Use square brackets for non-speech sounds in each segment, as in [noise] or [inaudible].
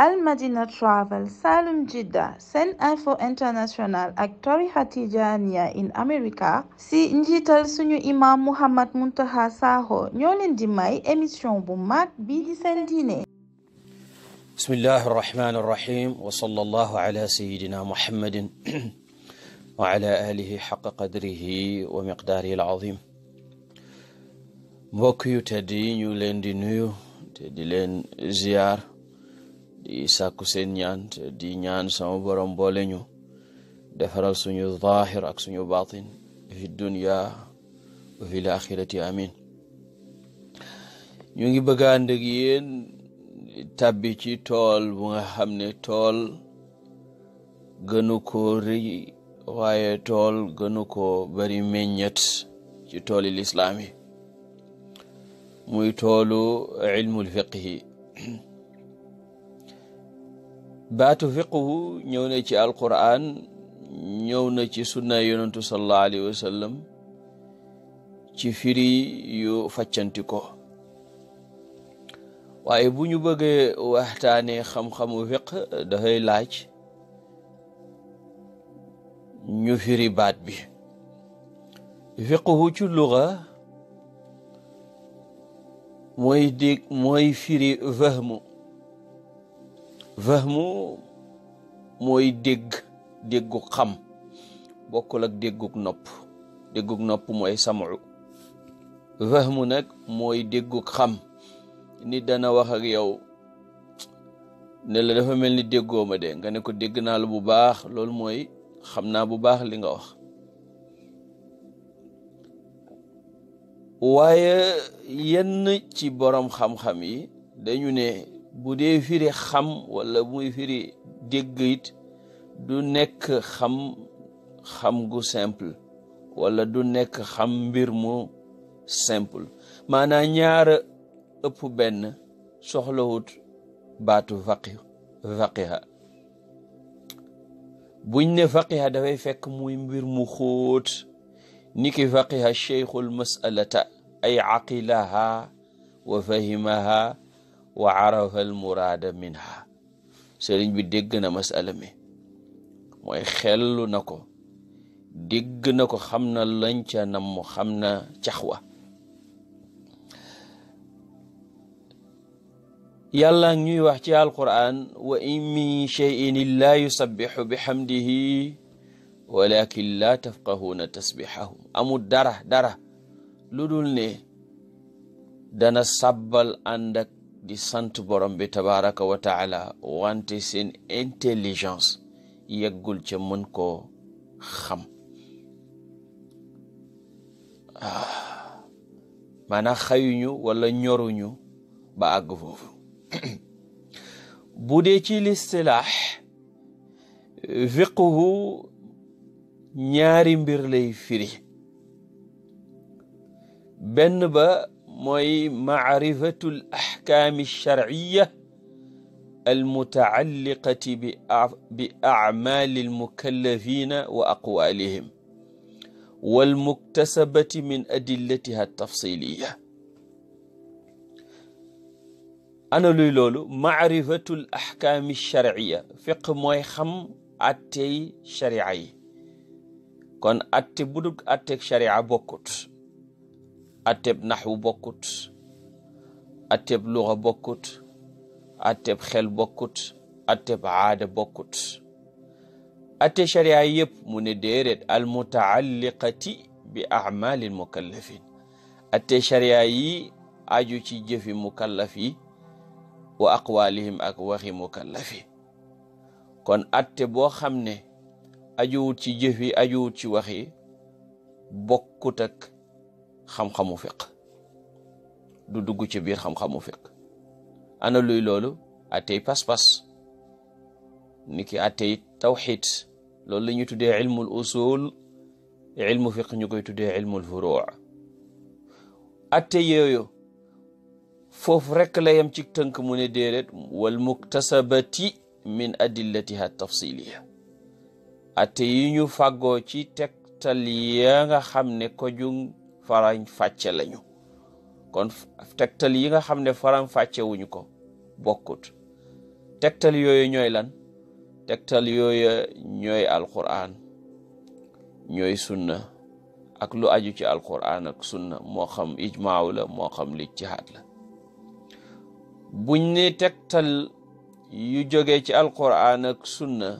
Al Madina Travel Salum Jidda SeneInfo International ak tarixa Tijaaniya in America si njiital suñu imam Muhammad Muntaqa Sakho ñoo leen di may émission bu mag bii di seen diine bismillahi arrahmani arrahim wa sallallahu ala sayidina muhammadin wa ala alihi xaqa qadrihi wa miqdaarihi alazim mbokk yu tedd yi ñu leen di nuyu te di leen ziyaar di sàkku seen ñaan di ñaan sama borom boole ñu defaral suñu zaahir ak suñu baatin fi dunya ñu ngi bëgg ànd ak tàbbi ci tool bu nga xam ne tool gënu waaye tool gënu ko bari meññet ci tooli lislaam muy toolu ilmul fiqhi baatu fiqhu ñëw na ci alquran ñëw na ci sunna yonentu sallallahu alayhi ci firi yu faccanti waaye bu ñu bëggee waxtaanee xam-xamu fiq dafay laaj ñu firi baat bi fiqhu ci luga mooy dégg mooy firi fahmu fahmu mooy dégg dégguk xam bokkul ak dégguk nopp dégguk nopp mooy samu fahmu nag mooy dégguk xam ni dana wax ak yow ne la dafa mel ni déggoo ma de nga ne ko dégg naa la bu baax loolu mooy xam naa bu baax li nga wax waaye yenn ci boroom xam-xam yi dañu ne bu dee firi xam wala muy firi dégg it du nekk xam xam gu simple wala du nekk xam mbir mu simple maanaam ñaara ëpp benn soxlawut baatu faqi faqiha buñ ne faqiha dafay fekk muy mbir mu xóot niki faqiha cheikhul masalata ay aqilaha wa fahimaha wa arafa al muraada minha sëriñ bi dégg na masala mi mooy xellu na ko dégg na ko xam na lañ ca nam mu xam na caxwa yàlla ñuy wax ci alquran wa in min cheyin illaa bi bixamdihi walakin laa tafqahuuna tasbixahum amul dara dara lu dul ne dana sabbal ànd di sant borom bi tabaraka wa wante seen intelligence yeggul ca mën koo xam ah, maanaam xayuñu wala ñoruñu ba àgg foofu bu dee ci listilaax fiqhu ñaari mbir lay firi benn ba mooy maarifatul al-ahkaami ash-shar'iyya al-muta'alliqati bi a'maali al-mukallafiina wa aqwaalihim wal-muktasabati min adillatiha at-tafsiiliyya ana luy loolu maarifatu l axkaami sharciya fiq mooy xam attey sharia yi kon atte bu dul atteg sharia bokkut atteb naxwu bokkut atteb luxa bokkut atteb xel bokkut atteb aada bokkut atte sharia yëpp mu ne déeréet al mutaalliqati bi amalil mukallafin atte sharia yi aju ci jëfi mukallaf yi wa aqwalihim ak waxi mukallaf kon atte boo xam ne ajuwut ci jëfi ajuwut ci waxi bokkut ak xam fiq du dugg ci biir xam mu fiq ana luy loolu attey pas-pas ni ki attey tawxid loolu la ñuy tuddee ilmul usul ilmu fiq ñu koy tuddee ilmul furuu atte yooyu foofu rekk la yem ci tënk mu ne déedéet wal muktasabati min adillatiha tafsiliya atte yi ñu fàggoo ci tegtal ya nga xam ne ko jung farañ fàcce lañu kon tegtal yi nga xam ne faram fàccewuñu ko bokkut tegtal yooyu ñooy lan tegtal yooyu ñooy alquran ñooy sunna ak lu aju ci alquran ak sunna moo xam ijmaaw la moo xam lijtihaad la buñ ne tegtal yu jógee ci alquran ak sunna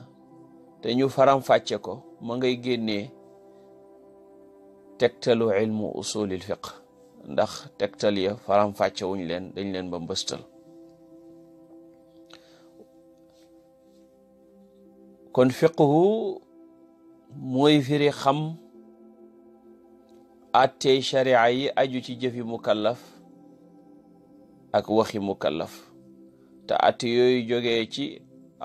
te ñu faram fàcce ko ma ngay génnee tegtalu ilmu usulil fiqh ndax tegtal ya faram-fàcce wuñ leen dañ leen ba mbëstal kon fiqhu mooy firi xam àttey sharia yi aju ci jëfi mukallaf ak waxi mukallaf te àtte yooyu jógee ci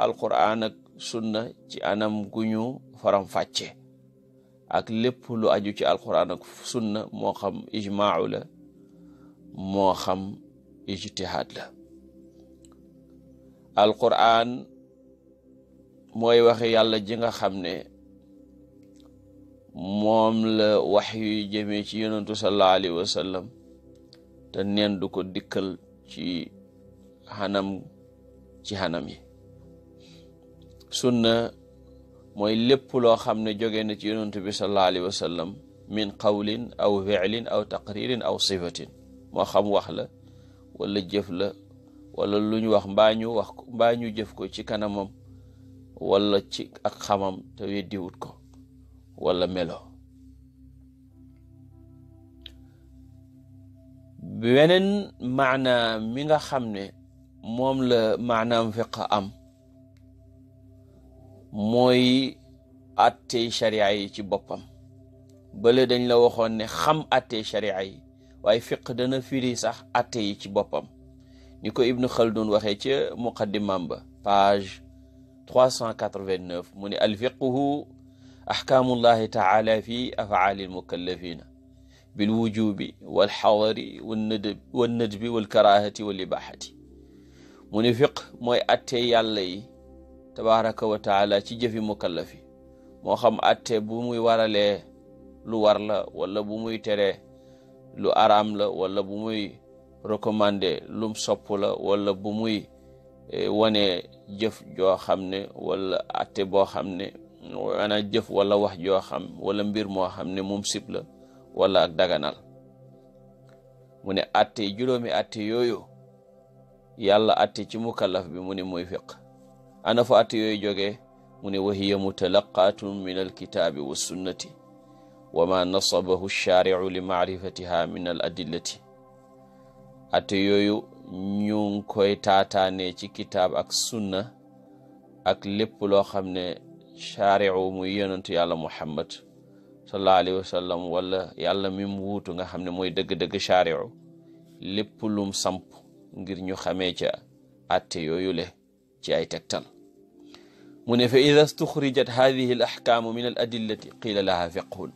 alquran ak sunna ci anam gu ñu faram-fàcce ak lépp aju ci alquran ak sunna moo xam ijmaau la moo xam ijtihaad la alquran mooy waxi yàlla ji nga xam ne moom la wax yu jëmee ci yonentu sallallahu alayhi wa sallam te neen du ko dikkal ci xanam ci xanam yi sunna mooy lépp loo xam ne jóge na ci yonentu bi sallallahu alayhi wa sallam min qawlin aw fi'lin aw taqririn aw sifatin moo xam wax la walla jëf la walla lu ñu wax mbaa ñu ko jëf ko ci kanamam wala ci ak xamam te weddiwut ko wala melo beneen maana mi nga xam ne moom la maanaam fiq am mooy attey sharia yi ci boppam bële dañ la waxoon ne xam attey sharia yi waaye fiq dana firi sax atte yi ci boppam ni ko ibnu xaldun waxee ca muqaddimam ba page 389 mu ne alfiqhu axkaamullahi taala fi afaali almukallafina bilwujubi walxadari wanad wannadbi walkarahati walibahati mu ne mooy atte yàlla yi wa taala ci jëfi mukallafi moo xam atte bu muy waralee lu war la bu muy teree lu araam la wala bu muy recommandé lum sopp la walla bu muy e, wane jëf joo xam ne wala atte boo xam ne wana jëf wala wax joo xam wala mbir moo xam ne moom sib la wala ak daganal mu ne atte juróomi atte yooyu yàlla atte ci mukallaf bi mu ne muy fiq ana fa atte yooyu jógee mu ne wahiya mutalaqatun min alkitaabi wa sunnati wa ma nasabahu shaaricu li macrifatiha min al adillati ate yooyu ñu ngi koy taataane ci kitaab ak sunna ak lépp loo xam ne shaaricu muy yonentu yàlla muhammad sallallahu alayhi wa sallam wala yàlla mi mu wuutu nga xam ne mooy dëgg-dëgg shaaricu lépp lum samp ngir ñu xamee ca atte yooyu le ci ay tegtal mu ne fa ida stuxrijat hadihi al axkaamu min al adillati qiila laha fiqhun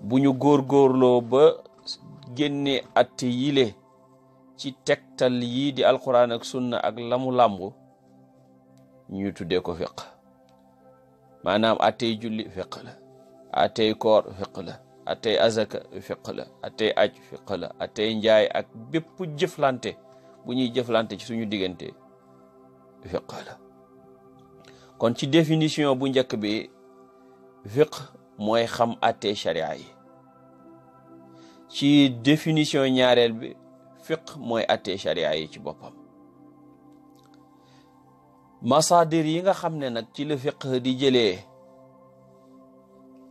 bu ñu góorgóorloo ba génne atte yile ci tektal yii di alquran ak sunna ak lamu làmb ñu tuddee ko fiq maanaam attey julli fiq la attey koor fiq la attey azaka fiq la attey aj fiq la attey njaay ak bépp jëflante bu ñuy jëflante ci suñu diggante fiq la kon ci définition bu njëkk bi fiq mooy xam àttee sharia yi ci définition ñaareel bi mooy àttee sharia yi ci boppam masaadir yi nga xam ne nag ci la fiq di jëlee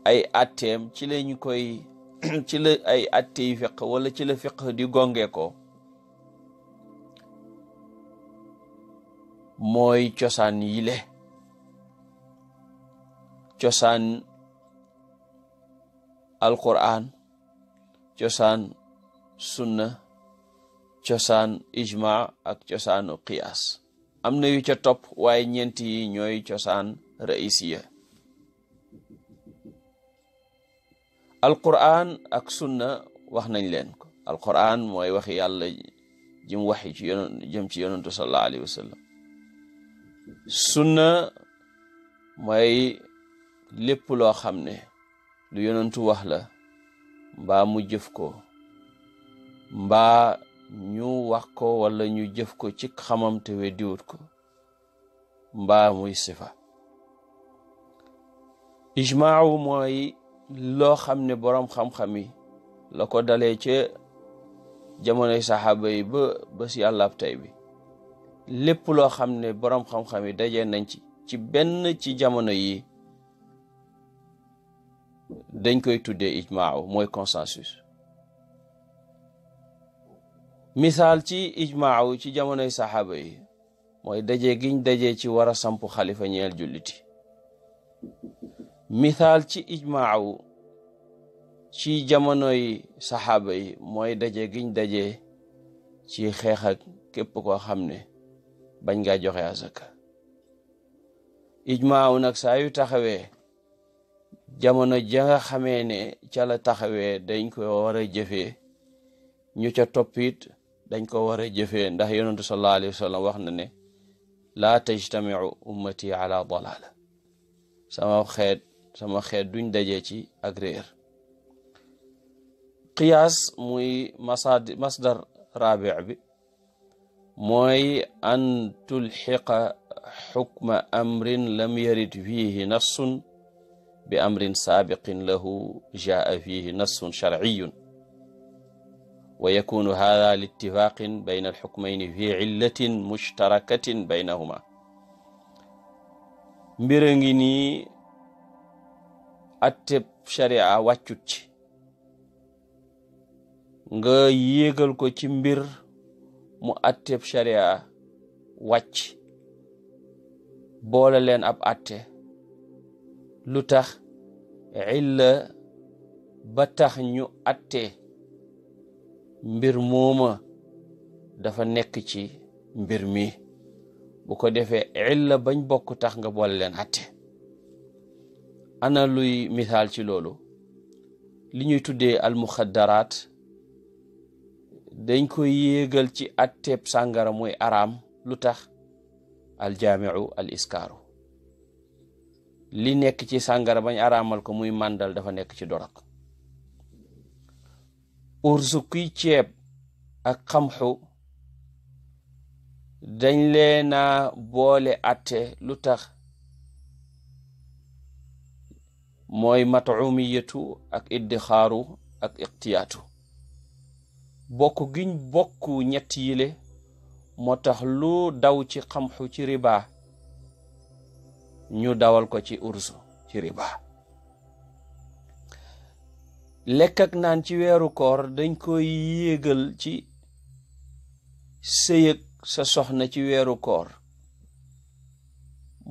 ay atteem ci lañ koy [clears throat] ci la ay atte yi fiq wala ci la fiq di gonge ko mooy cosaan yile cosaan alqur'an cosaan sunna cosaan ijma ak cosaanu qiyaas am na yu ca topp waaye ñeent yi ñooy cosaan raisiya alqur'an ak sunna wax nañ leen ko mooy waxi yàlla jëm waxi ci yonon jëm ci sunna mooy lépp loo xam ne lu yonentu wax la mba mu jëf ko mbaa ñu wax ko walla ñu jëf ko ci xamam te weddiwut ko mbaa muy sifa ijmaaw mooy loo xam ne boroom xam-xam yi la ko dalee ca jamonoy saxaaba yi ba si àllab tey bi lépp loo xam ne boroom xam-xam yi dajee nañ ci ci benn ci jamono yi dañ koy tuddee ijmaaw mooy consensus misaal ci ijmaaw ci jamonoy saxaaba yi mooy daje giñ daje ci wara a samp xalifa ñeel julliti misaal ci ijmaaw ci jamonoy saxaaba yi mooy daje giñ daje ci xeex képp koo xam ne bañ ga joxe azaka ijmaaw nag saa yu taxawee jamono ja nga xamee ne ca la dañ ko war a jëfee ñu ca toppit dañ ko war a jëfee ndax yonentu sallallahu alayhi wa sallam wax na ne laa tajtamiu ummati ala dalala sama xeet duñ daje ci ak réer qiyaas muy masad masdar rabi bi mooy an tulxiqa xukma amrin lam yarid fiihi nassun bi amrin saabiqin lahu jaa fihi nassun sharciyun wa yakunu hada li ittifaqin bayna alxukmayni fi cillatin mushtarakatin baynahuma mbir ngi nii atteb sharia wàccut ci nga yéegal ko ci mbir mu atteb sharia wàcc boole leen ab atte lu tax illa ba tax ñu ate mbir mooma dafa nekk ci mbir mi bu ko defee illa bañ bokk tax nga boole leen atte ana luy misaal ci loolu li ñuy tuddee almuxaddaraat dañ koy yéegal ci atteeb sàngara mooy araam lu tax aljaamiu al iskaaru li nekk ci sàngara bañ araamal ko muy màndal dafa nekk ci dorog ursu kuy ceeb ak xamxu dañ lee na boole atte lu tax mooy matumiyatu ak iddixaaru ak iqtiyaatu bokk giñ bokk ñetti yile moo tax lu daw ci xamxu ci riba ñu dawal ko ci ursu ci riba lekk ak naan ci weeru koor dañ koy yégal ci sëyëg sa soxna ci weeru koor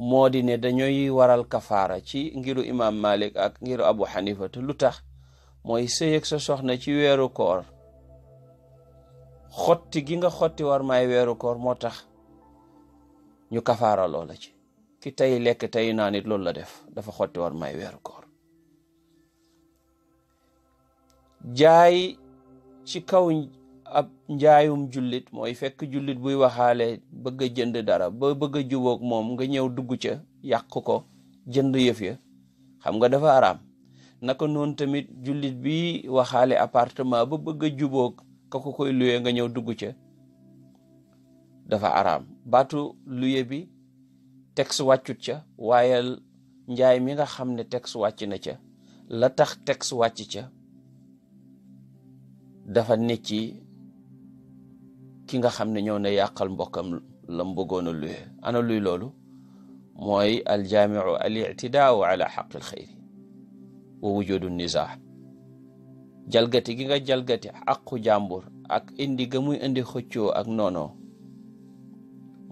moo di ne dañuy waral kafaara ci ngiru imaam Malik ak ngiru Abu Hanifa te lu tax mooy sëyëg sa soxna ci weeru koor xotti gi nga xotti war maay weeru koor moo tax ñu kafaara loola ci ki tey lekk tey naa nit loolu la def dafa xotti war may weeru koor jaay ci kaw ab njaayum jullit mooy fekk jullit buy waxaale bëgg a jënd dara ba bëgg a jubóog moom nga ñëw dugg ca yàq ko jënd yëf xam nga dafa araam naka noonu tamit jullit bi waxaale appartement ba bëgg jubook jubóog ka ko koy luye nga ñëw dugg ca dafa araam baatu luye bi texte wàccut ca waaye njaay mi nga xam ne texte wàcc na ca la tax texte wàcc ca dafa ne ci ki nga xam ne ñëw na yàqal mbokkam la mu a luye ana luy loolu mooy aljaamiu al ictidaau ala xaqi alxeyri wa wujudu nizaa jalgati gi nga jalgati àqu jàmbur ak indi ga muy indi xëccoo ak noonoo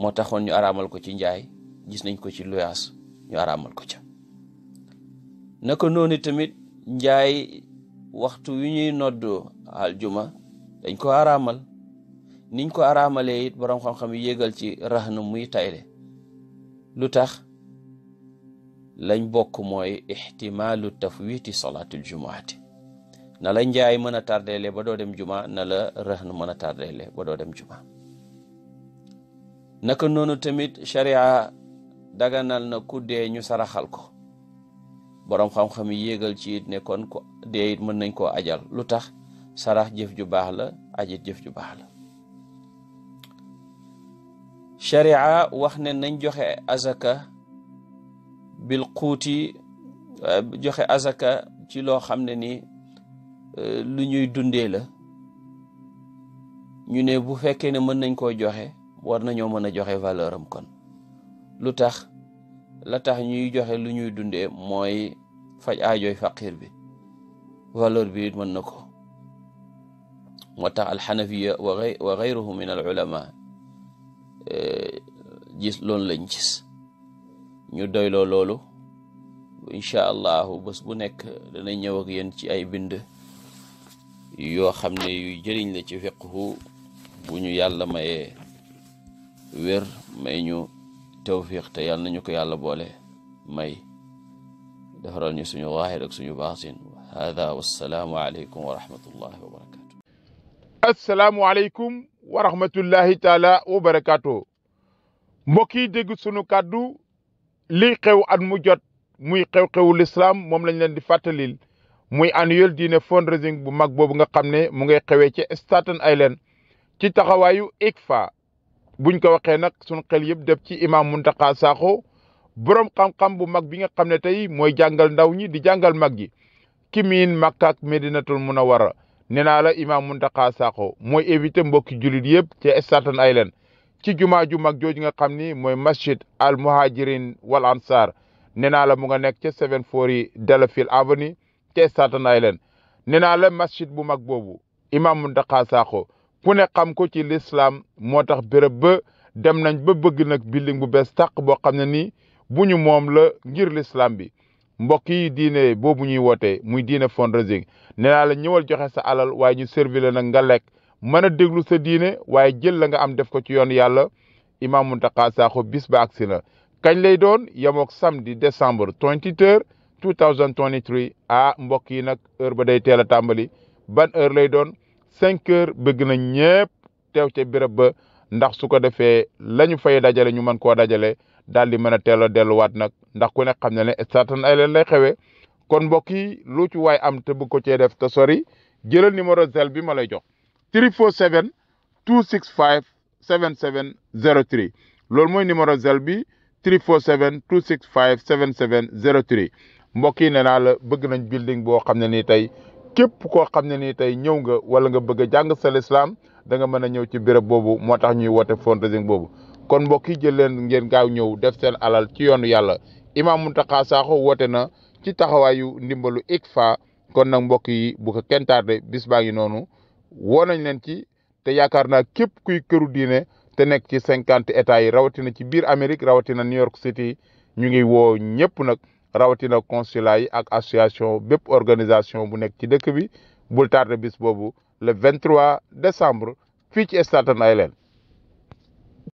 moo taxoon ñu araamal ko ci njaay gis nañ ko ci luyaas ñu araamal ko ca naka noonu tamit njaay waxtu wi ñuy noddoo juma dañ ko araamal niñ ko araamalee it borom xam-xam yi yégal ci rax na muy tayle lu tax lañ bokk mooy ixtimaalu tafwiti salaatul jumaati na la njaay mën a tardeele ba doo dem juma na la rax mën a tardeele ba dem juma naka noonu tamit sharia daganal na ku dee ñu saraxal ko boroom xam-xam yi yéegal ci it ne kon ku dee it mën nañ koo ajal lu tax sarax jëf ju baax la ajit jëf ju baax la sharia wax ne nañ joxe azaka bil quuti euh, joxe azaka ci loo xam ne ni euh, lu ñuy dundee la ñu ne bu fekkee ne mën nañ ko joxe war nañoo mën a joxe valeur kon lu tax la tax ñuy joxe lu ñuy dundee mooy faj aajooy faqir bi valeur bi mën na ko moo tax alxanafiya wa gayruhu min al ulama eh, gis loon lañ gis ñu doyloo loolu incha allahu bés bu nekk danay ñëw ak yéen ci ay bind yoo xam ne yu jëriñ la ci fiqhu bu ñu yàlla maye wér may ñu tawfiq te yàlla nañu ko yàlla boole may defaral ñu suñu zaahir ak suñu baatin hada wassalaamu aleykum wa rahmatullahi wa barakaatu aleykum wa rahmatullahi taala wa barakaatu mbokk yi dégg sunu kàddu liy xew at mu jot muy xew-xewu lislaam moom lañ leen di fàttalil muy annuel dîner fundraising bu mag boobu nga xam ne mu ngay xewee ci Staten Island ci taxawaayu ICFA buñ ko waxee nag suñ xel yëpp def ci mun Muntaqa Sakho borom xam-xam bu mag bi nga xam ne tey mooy jàngal ndaw ñi di jàngal mag gi ki miin Makka ak Medinatul Munawwara nee naa la imam Muntaqa Sakho mooy éviter mbokki jullit yëpp ca Staten Island ci jumaa ju mag jooju nga xam ni mooy masjid al muhajirin wal ansar nee naa la mu nga nekk ca 740 Delafield Avenue ca Staten Island nee naa la masjid bu mag boobu imam Muntaqa Sakho ku ne xam ko ci lislaam moo tax béréb ba dem nañ ba bëgg nag building bu bees tàq boo xam ne nii bu ñu moom la ngir lislaam bi mbokk yi diine boobu ñuy wootee muy diine fundraising nee naa la ñëwal joxe sa alal waaye ñu servi nag nga lekk mën a déglu sa diine waaye jël la nga am def ko ci yoon yàlla i Imam Mountakha saako bis ba si na kañ lay doon yemook samedi décembre 23 2023 ah mbokk yi nag heure ba day teel a tàmbali ban heure lay doon cinq heures bëgg nañ ñëpp teew ca béréb ba ndax su ko defee la ñu fay dajale ñu mën koo dajale daal di mën a teel a delluwaat nag ndax ku ne xam na ne certain ay leen lay xewee kon mbokk yi lu ci am te bëgg ko cee def te sori jëlal numéro zel bi ma lay jox 347 265 7703 loolu mooy numéro zel bi 347 265 7703 mbokk yi nee naa la bëgg nañ building boo xam ne nii tey képp koo xam ne nii tey ñëw nga wala nga bëgg a jàng sa lislaam danga mën a ñëw ci béréb boobu moo tax ñuy woote fundraising boobu kon mbokk yi jël leen ngeen gaaw ñëw def seen alal ci yoonu yàlla Imam Mountakha Sakho woote na ci taxawaayu ndimbalu ICFA kon nag mbokk yi bu ko kenn tardé bis noonu woo nañ leen ci te yaakaar naa képp kuy këru diine te nekk ci cinquante états yi rawatina ci biir Amérique rawatina New York City ñu ngi woo ñëpp nag rawatina consulat yi ak association bépp organisation bu nekk ci dëkk bi bul tardé bis boobu le 23 décembre fii ci Staten Island